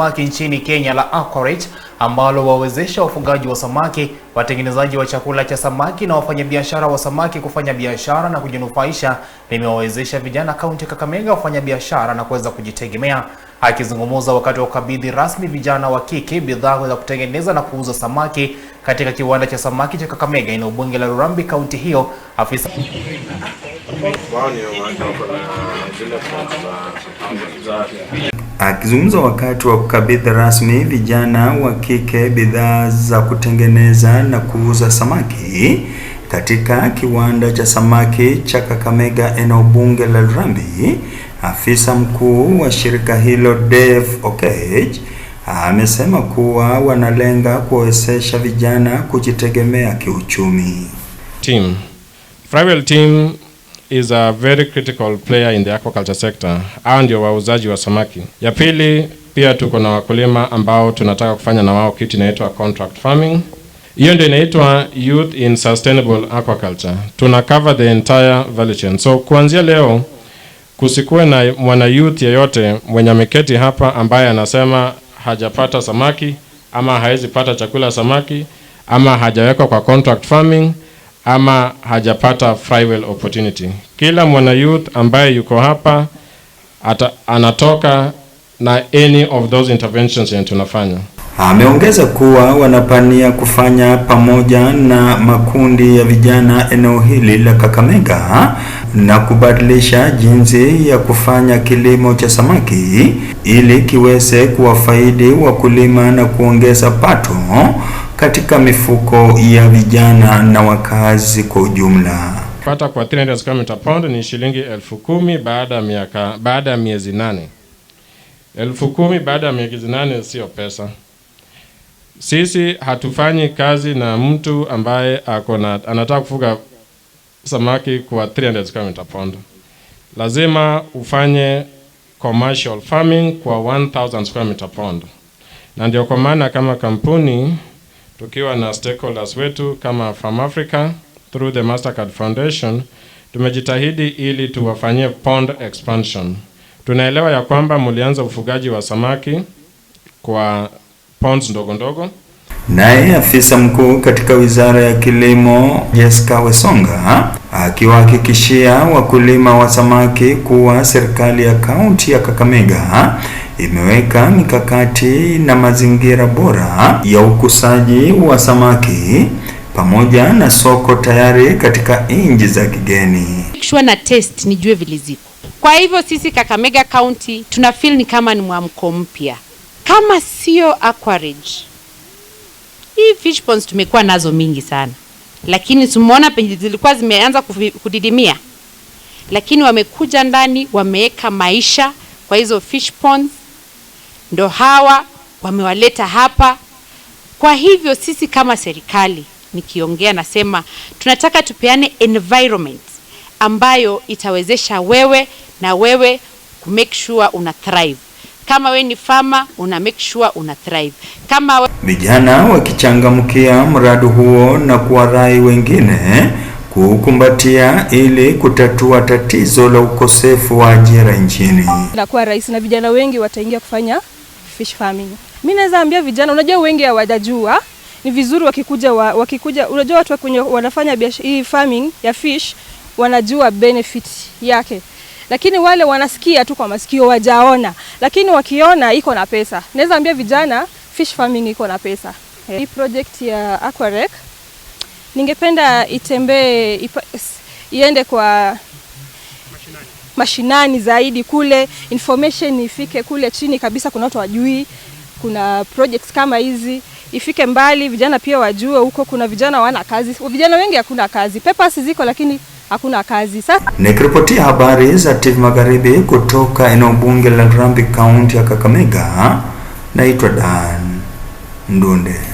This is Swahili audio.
Samaki nchini Kenya la Aquaret ambalo wawezesha wafugaji wa samaki, watengenezaji wa chakula cha samaki na wafanyabiashara wa samaki kufanya biashara na kujinufaisha limewawezesha vijana kaunti Kakamega kufanya biashara na kuweza kujitegemea. Akizungumza wakati wa ukabidhi rasmi vijana wa kike bidhaa za kutengeneza na kuuza samaki katika kiwanda cha samaki cha Kakamega eneo bunge la Lurambi kaunti hiyo, afisa Akizungumza wakati wa kukabidhi rasmi vijana wa kike bidhaa za kutengeneza na kuuza samaki katika kiwanda cha samaki cha Kakamega eneo bunge la Lurambi, afisa mkuu wa shirika hilo Dave Oketch amesema kuwa wanalenga kuwawezesha vijana kujitegemea kiuchumi. Team. Tribal team is a very critical player in the aquaculture sector. Hao ndio wauzaji wa samaki. Ya pili pia tuko na wakulima ambao tunataka kufanya na wao kitu inaitwa contract farming. Hiyo ndio inaitwa youth in sustainable aquaculture. Tuna cover the entire value chain. So kuanzia leo kusikuwe na mwana youth yeyote mwenye ameketi hapa ambaye anasema hajapata samaki ama hawezi pata chakula samaki ama hajawekwa kwa contract farming ama hajapata flywheel opportunity. Kila mwana youth ambaye yuko hapa ata, anatoka na any of those interventions yenye tunafanya. Ameongeza kuwa wanapania kufanya pamoja na makundi ya vijana eneo hili la Kakamega na kubadilisha jinsi ya kufanya kilimo cha samaki ili kiweze kuwafaidi wakulima na kuongeza pato mifuko ya vijana na wakazi kwa ujumla. Pata kwa 300 square meter pound ni shilingi elfu kumi baada ya miaka baada ya miezi nane. Elfu kumi baada ya miezi nane sio pesa. Sisi hatufanyi kazi na mtu ambaye ako na anataka kufuga samaki kwa 300 square meter pound. Lazima ufanye commercial farming kwa 1000 square meter pound. Na ndio kwa maana kama kampuni tukiwa na stakeholders wetu kama Farm Africa through the Mastercard Foundation tumejitahidi ili tuwafanyie pond expansion. Tunaelewa ya kwamba mlianza ufugaji wa samaki kwa ponds ndogo ndogo Naye afisa mkuu katika Wizara ya Kilimo Jessica Wesonga akiwahakikishia wakulima wa samaki kuwa serikali ya kaunti ya Kakamega imeweka mikakati na mazingira bora ya ukusaji wa samaki pamoja na soko tayari katika nchi za kigeni. Kishwa na test nijue vile ziko. Kwa hivyo sisi Kakamega County tuna feel ni kama ni mwamko mpya, kama sio aquarage hii fish ponds tumekuwa nazo mingi sana, lakini tumeona penye zilikuwa zimeanza kudidimia, lakini wamekuja ndani wameweka maisha kwa hizo fish ponds, ndo hawa wamewaleta hapa. Kwa hivyo sisi kama serikali, nikiongea nasema tunataka tupeane environment ambayo itawezesha wewe na wewe kumake sure una thrive. Kama we ni farmer, una make sure una thrive. Kama we... Vijana wakichangamkia mradi huo na kuwarai wengine kukumbatia ili kutatua tatizo la ukosefu wa ajira nchini. Inakuwa rahisi na vijana wengi wataingia kufanya fish farming. Mimi naweza ambia vijana, unajua wengi hawajajua ni vizuri wakikuja wa, wakikuja unajua watu wakunye, wanafanya hii farming ya fish wanajua benefit yake, lakini wale wanasikia tu kwa masikio, wajaona lakini wakiona iko na pesa, naweza ambia vijana fish farming iko na pesa. Eh, hii project ya Aquarec ningependa itembee, iende kwa mashinani, mashinani zaidi kule, information ifike kule chini kabisa. Kuna watu wajui kuna projects kama hizi ifike mbali, vijana pia wajue huko. Kuna vijana wana kazi, vijana wengi hakuna kazi, papers ziko lakini hakuna kazi. Sasa nikiripotia habari za TV Magharibi kutoka eneo bunge la Harambee kaunti ya Kakamega, naitwa Dan Ndunde.